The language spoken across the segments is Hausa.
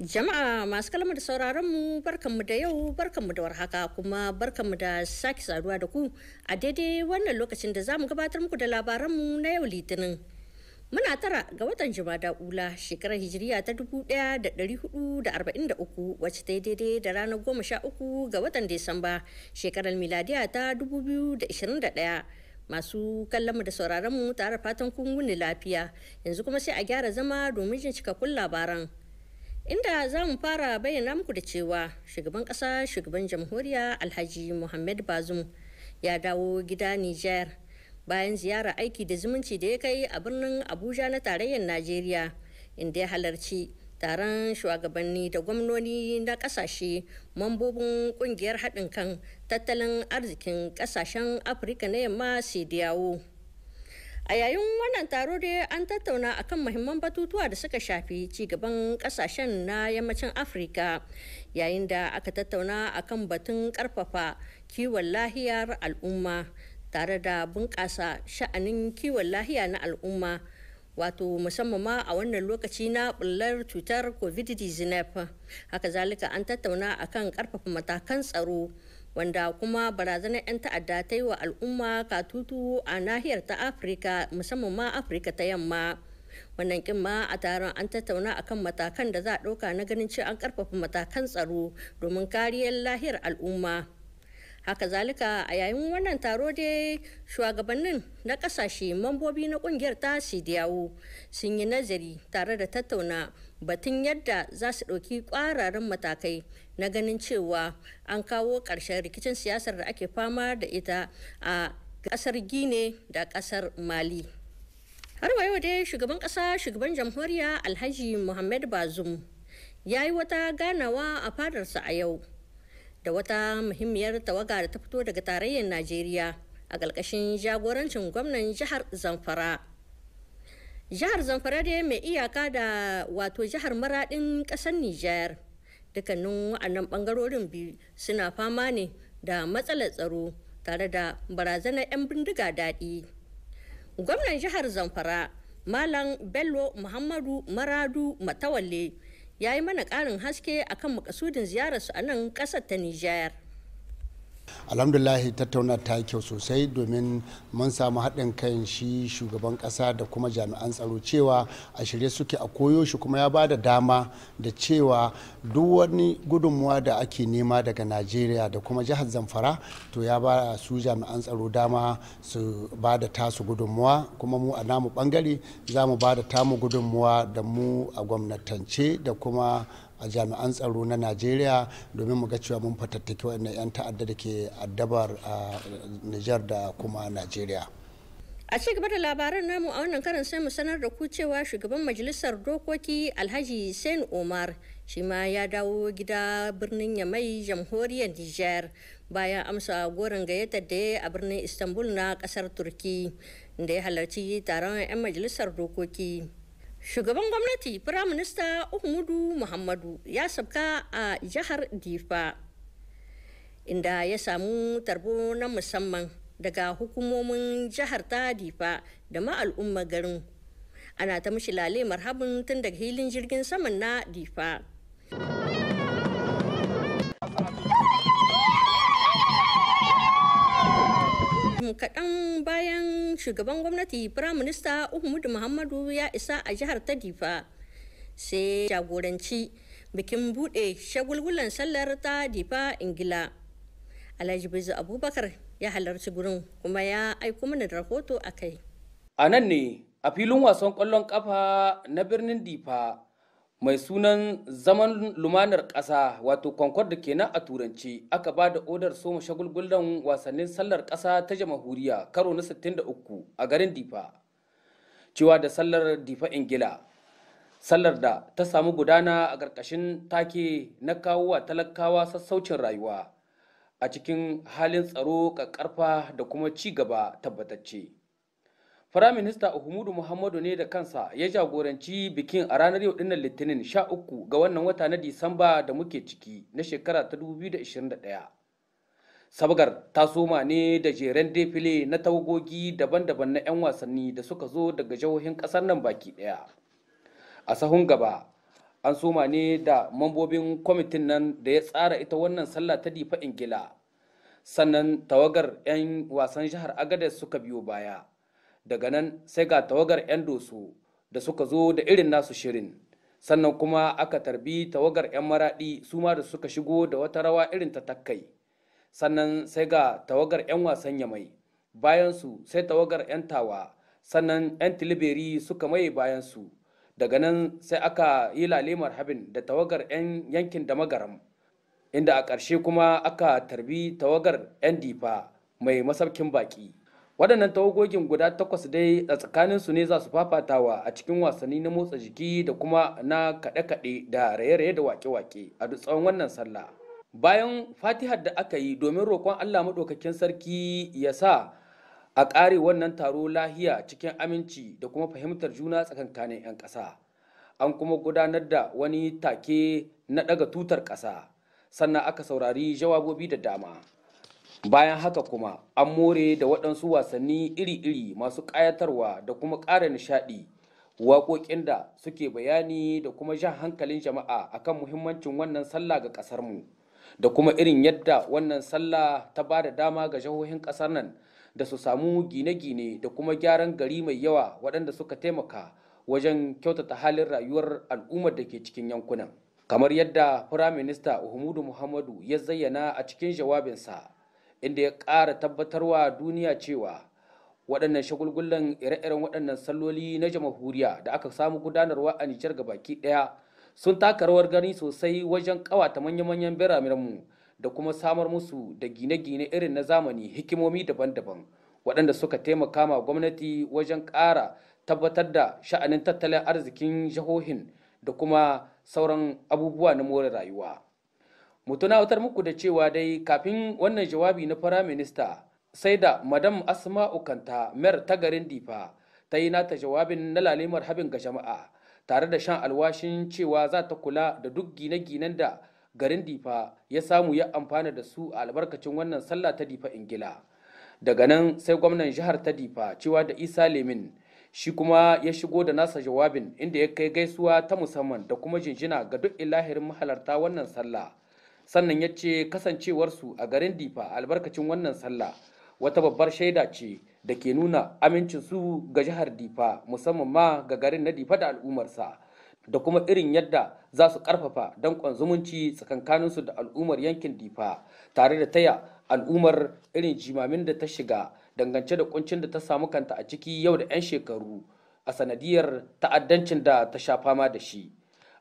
Jama'a masu kalmar da sauraron mu barkanmu da yau barkanmu da warhaka kuma barkanmu da sake saduwa da ku a daidai wannan lokacin da zamu gabatar muku da labaranmu na yau litinin. Muna tara ga watan Jumada Ula shekarar Hijiriya ta 1443 wacce ta yi daidai da ranar 13 ga watan Disamba shekarar miladiya ta 2021. masu kallonmu da sauraronmu tare fatan kun wuni lafiya yanzu kuma sai a gyara zama domin jin cikakkun labaran. inda za mu fara bayyana muku da cewa shugaban ƙasa shugaban jamhuriya alhaji muhammad bazum ya dawo gida niger bayan ziyara aiki da zumunci da ya kai a birnin abuja na tarayyar najeriya inda ya halarci taron shugabanni da gwamnoni na kasashe mambobin kungiyar haɗin kan tattalin arzikin kasashen afirka na yamma dawo. a yayin wannan taro dai an tattauna akan muhimman batutuwa da suka shafi ci gaban kasashen na yammacin afirka yayin da aka tattauna akan batun karfafa kiwon lahiyar al'umma tare da bunƙasa sha'anin kiwon lahiya na al'umma wato musamman ma a wannan lokaci na bullar cutar covid-19 haka zalika an tattauna akan karfafa matakan tsaro wanda kuma barazanar 'yan ta'adda ta yi wa al'umma katutu a nahiyar ta afirka musamman ma afirka ta yamma wannan kin ma a taron an tattauna akan matakan da za a ɗauka na ganin cewa an karfafa matakan tsaro domin kariyar lahiyar al'umma haka zalika a yayin wannan taro dai shugabannin na ƙasashe mambobi na ƙungiyar ta sidiyawo sun yi nazari tare da tattauna batun yadda za su ɗauki ƙwararren matakai na ganin cewa an kawo ƙarshen rikicin siyasar da ake fama da ita a ƙasar gine da ƙasar mali har wa yau dai shugaban ƙasa shugaban jamhuriya alhaji muhammad bazum ya yi wata ganawa a fadarsa a yau da wata muhimmiyar tawaga da ta fito daga tarayyar najeriya a ƙarƙashin jagorancin gwamnan jihar zamfara jihar zamfara da mai iyaka da wato jihar maradin kasar nijar dukkanin wa'annan bangarorin biyu suna fama ne da matsalar tsaro tare da barazanar 'yan bindiga daɗi gwamnan jihar zamfara malam bello muhammadu maradu matawalle ya yi mana ƙarin haske akan makasudin ziyararsu a nan ƙasar ta nijar alhamdulahi tattauna ta yi kyau sosai domin mun samu haɗin kan shi shugaban ƙasa da kuma jami'an tsaro cewa a shirye suke a koyo shi kuma ya ba da dama da cewa duk wani gudunmuwa da ake nema daga najeriya da kuma jihar zamfara to ya ba su jami'an tsaro dama su ba da tasu gudunmuwa kuma mu a namu bangare za mu ba da tamu gudunmuwa da mu a gwamnatance da kuma a jami'an tsaro na najeriya domin mu ga cewa mun fatattaki wannan 'yan ta'adda da ke addabar a niger da kuma najeriya a ci gaba da labaran namu a wannan karin sai mu sanar da ku cewa shugaban majalisar dokoki alhaji sen omar shi ma ya dawo gida birnin yamai jamhuriyar niger bayan amsa goron gayyatar da ya a birnin istanbul na kasar turki da ya halarci taron 'yan majalisar dokoki Shugaban gwamnati Firaminista Uhumudu Muhammadu ya sabka a jihar Difa inda ya samu tarbo na musamman daga hukumomin jihar ta Difa da ma al'umma garin. Ana ta mishi lale marhabin tun daga hilin jirgin saman na Difa. kaɗan bayan shugaban gwamnati firaminista uhumudu muhammadu ya isa a jihar ta difa sai jagoranci bikin buɗe shagulgulan sallar ta difa ingila alhaji bizu abubakar ya halarci gurin kuma ya aiko mana da rahoto a kai a nan ne a filin wasan ƙwallon ƙafa na birnin difa mai sunan zaman lumanar ƙasa wato concord da kenan a turanci aka ba da odar soma shagulgulan wasannin sallar ƙasa ta jamhuriya karo na 63 a garin difa cewa da sallar difa ingila sallar da ta samu gudana a ƙarƙashin take na kawo kawowa talakawa sassaucin rayuwa a cikin halin tsaro ƙaƙƙarfa da kuma ci gaba tabbatacce. Firaminista Uhumudu Muhammadu ne da kansa ya jagoranci bikin a ranar yau dinnan Litinin 13 ga wannan wata na Disamba da muke ciki na shekara ta 2021. Sabgar ta soma ne da jeren defile na tawagogi daban-daban na 'yan wasanni da suka zo daga jihohin kasar nan baki ɗaya. A sahun gaba, an soma ne da mambobin kwamitin nan da ya tsara ita wannan sallah ta difa Ingila. Sannan tawagar 'yan wasan jihar Agadez suka biyo baya. daga nan sai ga tawagar 'yan doso da suka zo da irin nasu shirin sannan kuma aka tarbi tawagar 'yan maraɗi su ma da suka shigo da wata rawa irin ta takai sannan sai ga tawagar 'yan wasan yamai bayansu sai tawagar 'yan tawa sannan 'yan tilibiri suka maye bayansu daga nan sai aka yi lalimar habin da tawagar 'yan yankin da magaram inda a ƙarshe kuma aka tarbi tawagar 'yan difa mai masaukin baƙi waɗannan tawagogin guda takwas dai a tsakanin su ne za su fafatawa a cikin wasanni na motsa jiki da kuma na kaɗe-kaɗe da raye-raye da wake-wake a duk tsawon wannan sallah bayan fatihar da aka yi domin roƙon allah maɗaukakin sarki ya sa a ƙare wannan taro lahiya cikin aminci da kuma fahimtar juna tsakankanin 'yan ƙasa an kuma gudanar da wani take na ɗaga tutar ƙasa sannan aka saurari jawabobi da dama bayan haka kuma an more da waɗansu wasanni iri-iri masu ƙayatarwa da kuma ƙara nishaɗi waƙoƙin da suke bayani da kuma jan hankalin jama'a akan muhimmancin wannan sallah ga ƙasarmu da kuma irin yadda wannan sallah ta ba da dama ga jihohin ƙasar nan da su samu gine-gine da kuma gyaran gari mai yawa waɗanda suka taimaka wajen kyautata halin rayuwar al'ummar da ke cikin yankunan kamar yadda firaminista uhumudu muhammadu ya zayyana a cikin jawabinsa inda ya ƙara tabbatarwa duniya cewa waɗannan shagulgullan ire-iren waɗannan salloli na jamhuriya da aka samu gudanarwa a nijar ga baki ɗaya sun taka rawar gani sosai wajen ƙawata manya-manyan biraminmu da kuma samar musu da gine-gine irin na zamani hikimomi daban-daban waɗanda suka taimaka ma gwamnati wajen ƙara tabbatar da sha'anin tattalin arzikin jihohin da kuma sauran abubuwa na more rayuwa. mu tunatar muku da cewa dai kafin wannan jawabi na fara minista sai da madam asma'u kanta mayar ta garin difa ta yi nata jawabin na lalimar habin ga jama'a tare da shan alwashin cewa za ta kula da duk gine-ginen da garin difa ya samu ya amfana da su a albarkacin wannan sallah ta difa ingila daga nan sai gwamnan jihar ta difa cewa da isa lemin shi kuma ya shigo da nasa jawabin inda ya kai gaisuwa ta musamman da kuma jinjina ga duk ilahirin mahalarta wannan sallah sannan ya ce kasancewarsu a garin difa albarkacin wannan sallah wata babbar shaida ce da ke nuna amincinsu ga jihar difa musamman ma ga garin na difa da al'ummarsa da kuma irin yadda za su karfafa dankon zumunci tsakankaninsu da al'ummar yankin difa tare da taya al'ummar irin jimamin da ta shiga dangance da kuncin da ta samu kanta a ciki yau da 'yan shekaru a sanadiyar ta'addancin da ta sha fama da shi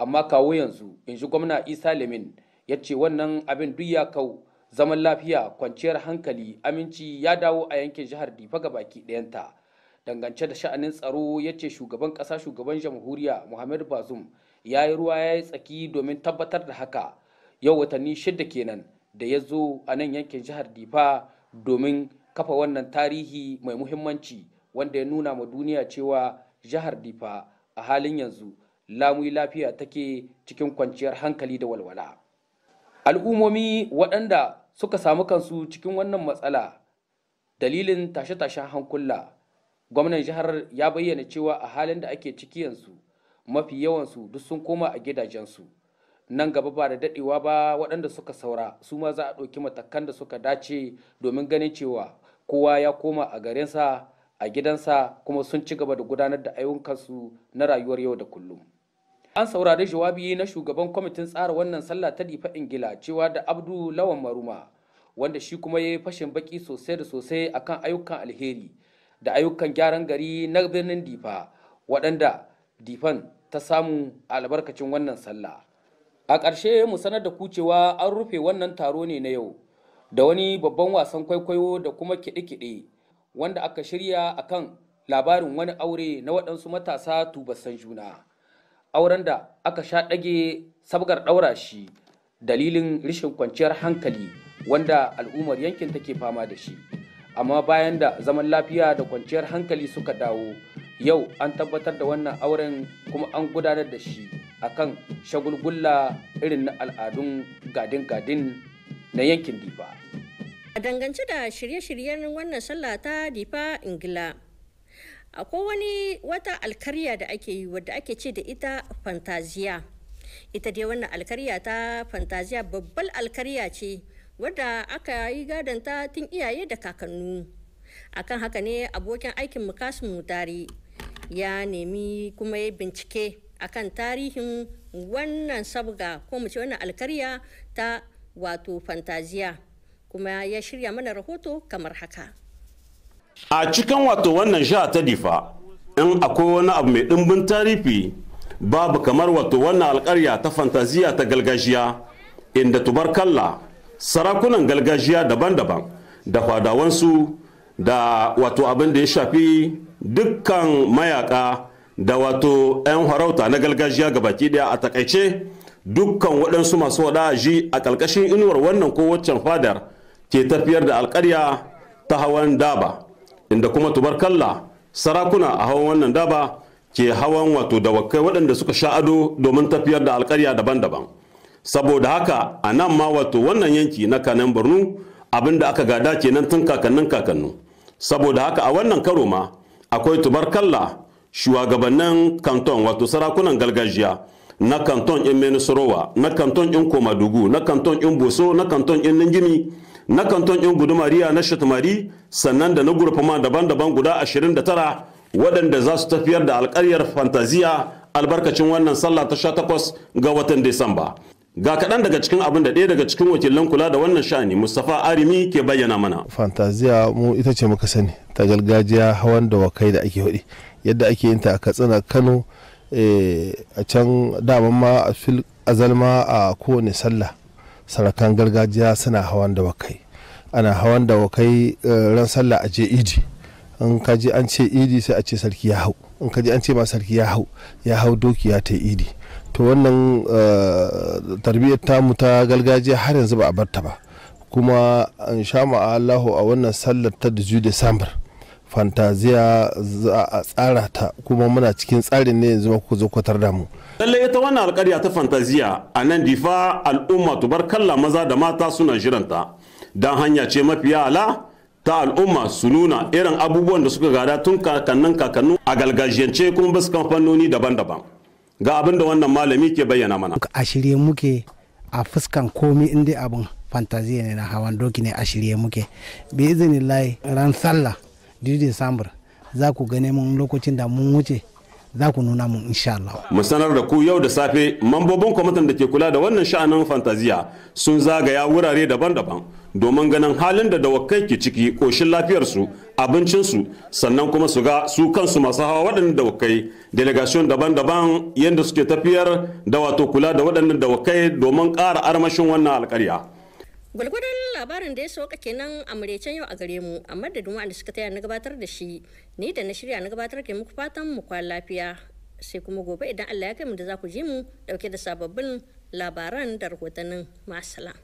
amma kawo yanzu in ji gwamna isa lemin ya ce wannan abin duk ya kau zaman lafiya kwanciyar hankali aminci ya dawo a yankin jihar difa ga baki ɗayanta dangance da sha'anin tsaro ya ce shugaban ƙasa shugaban jamhuriya muhammadu bazum ya yi ruwa ya yi tsaki domin tabbatar da haka yau watanni shida kenan da ya zo a nan yankin jihar difa domin kafa wannan tarihi mai muhimmanci wanda ya nuna ma duniya cewa jihar difa a halin yanzu lamuyi lafiya take cikin kwanciyar hankali da walwala. al'ummomi waɗanda suka samu kansu cikin wannan matsala dalilin tashe-tashen hankula gwamnan jihar ya bayyana cewa a halin da ake ciki yanzu mafi yawansu duk sun koma a gidajensu nan gaba ba da daɗewa ba waɗanda suka saura su ma za a ɗauki matakan da suka dace domin ganin cewa kowa ya koma a garinsa a gidansa kuma sun ci gaba da gudanar da ayyukansu na rayuwar yau da kullum. an saurari jawabi na shugaban kwamitin tsara wannan sallah ta difa ingila cewa da abdu lawan maruma wanda shi kuma ya yi fashin baki sosai da sosai akan ayyukan alheri da ayyukan gyaran gari na birnin difa waɗanda difan ta samu albarkacin wannan sallah a ƙarshe mu sanar da kucewa an rufe wannan taro ne na yau da wani babban wasan kwaikwayo da kuma kiɗe-kiɗe wanda aka shirya akan labarin wani aure na waɗansu matasa tubasan juna. auren da aka sha ɗage sabgar ɗaura shi dalilin rashin kwanciyar hankali wanda al'ummar yankin take fama da shi amma bayan da zaman lafiya da kwanciyar hankali suka dawo yau an tabbatar da wannan auren kuma an gudanar da shi a kan shagulgulla irin na al'adun gadin-gadin na yankin difa a dangance da shirye-shiryen wannan sallah ta difa ingila akwai wani wata alkarya da ake yi wadda ake ce da ita fantaziya ita dai wannan alkarya ta fantaziya babbal alkarya ce wadda aka yi gadanta tun iyaye da kakannu akan haka ne abokin aikin mukasu mutari ya nemi kuma ya bincike akan tarihin wannan sabga ko mu ce wannan alkarya ta wato fantaziya kuma ya shirya mana rahoto kamar haka a cikin wato wannan sha ta difa in akwai wani abu mai ɗimbin tarifi babu kamar wato wannan alƙarya ta fantaziya ta galgajiya inda kalla sarakunan galgajiya daban-daban da fadawansu da wato abin da ya shafi dukkan mayaka da wato 'yan harauta na galgajiya baki daya a takaice dukkan waɗansu masu waɗa ji a ƙarƙashin inuwar wannan ko waccan fadar ke tafiyar da alƙarya ta hawan daba inda kuma tubarkalla sarakuna a hawan wannan daba ke hawan wato dawakai waɗanda suka sha ado domin tafiyar da alkarya daban-daban saboda haka a nan ma wato wannan yanki na kanan birnu abinda aka gada ke nan tun kakannin kakannu saboda haka a wannan karo ma akwai tubarkalla shugabannin kanton wato sarakunan gargajiya na kanton in menisorowa na kanton in komadugu na kanton in boso na kanton in ninjini. na kanton yan gudumariya na shatumari sannan da na gurfama daban-daban guda 29 waɗanda za su tafiyar da alƙaryar fantaziya albarkacin wannan sallah ta sha takwas ga watan disamba ga kaɗan daga cikin abin da ɗaya daga cikin wakilan kula da wannan sha'ani mustapha arimi ke bayyana mana fantaziya mu ita ce muka sani ta gargajiya hawan da wakai da ake hudi yadda ake yin ta a katsina kano eh, a can daman ma a azalma a kowane sallah sarakan gargajiya suna hawan dawakai ana hawan dawakai eh, ran sallah a je idi in ka ji an ce idi sai a ce sarki ya hau in ka ji an ce ma sarki ya hau ya hau doki ya ta idi to wannan eh, tarbiyyar tamu ta gargajiya har yanzu ba a barta ba kuma an sha ma'allahu a wannan sallar ta da desambar. fantaziya za a tsara ta kuma muna cikin tsarin ne yanzu ku zo kwatar da mu lallai ita wannan alkarya ta fantaziya a nan difa al'umma kalla maza da mata suna jiranta don hanya ce mafiya ala ta al'umma su nuna irin abubuwan da suka gada tun kakannin kakannu a galgajiyance kuma su kan fannoni daban-daban ga abin da wannan malami ke bayyana mana a shirye muke a fuskan komi inda abin fantaziya ne na hawan doki ne a shirye muke bi izinin ran sallah December za ku gane mun lokacin da mun wuce za ku nuna mun insha Allah. Mu sanar da ku yau da safe mambobin kwamitin da ke kula da wannan sha'anin fantaziya sun zagaya wurare daban-daban domin ganin halin da dawakai ke ciki koshin lafiyarsu abincinsu sannan kuma su ga su kansu masu hawa waɗannan dawakai delegation daban-daban yadda suke tafiyar da wato kula da waɗannan dawakai domin ƙara armashin wannan alƙarya. Gwargwadon labarin da ya sauka kenan a amaryacen yau a gare mu a madadin wanda suka taya na gabatar da shi ni da na shirya na gabatar ke muku fatan mu kwa lafiya sai kuma gobe idan Allah ya kai mu da za ku ji mu dauke da sababbin labaran da rahotannin masala.